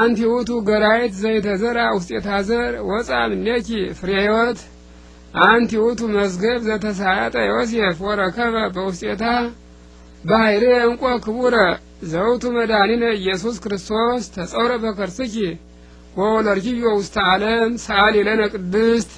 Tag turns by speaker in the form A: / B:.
A: አንቲ ውቱ ገራይት ዘይተዘራ ውስጤታ ዘር ወፃ እምኔኪ ፍሬ ሕይወት አንቲ ውቱ መዝገብ ዘተሳያጠ ዮሴፍ ወረከበ በውስጤታ ባህሬ እንቆ ክቡረ ዘውቱ መድኃኒነ ኢየሱስ ክርስቶስ ተጸውረ በከርስኪ ወወለርኪዮ ውስተ ዓለም ሰአሊ ለነ ቅድስት